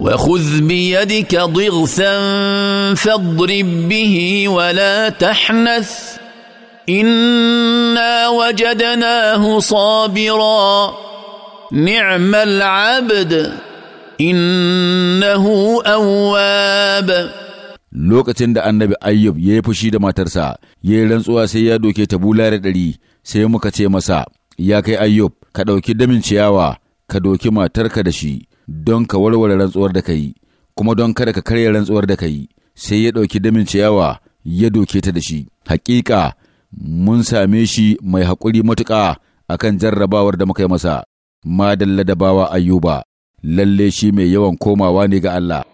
وخذ بيدك ضغثا فاضرب به ولا تحنث انا وجدناه صابرا نعم العبد انه اواب lokacin da annabi ayyub ya yi fushi da matarsa ya yi rantsuwa sai ya doke ta bulare ɗari sai muka ce masa ya kai ayyub ka ɗauki damin ciyawa ka doki matarka da shi don ka warware rantsuwar da ka yi, kuma don kada ka karya rantsuwar da ka yi, sai ya ɗauki damin ciyawa ya doke ta da shi. Hakika mun same shi mai haƙuri matuƙa a kan jarrabawar da muka yi masa, madalla da bawa ayyuba, lalle shi mai yawan komawa ne ga Allah.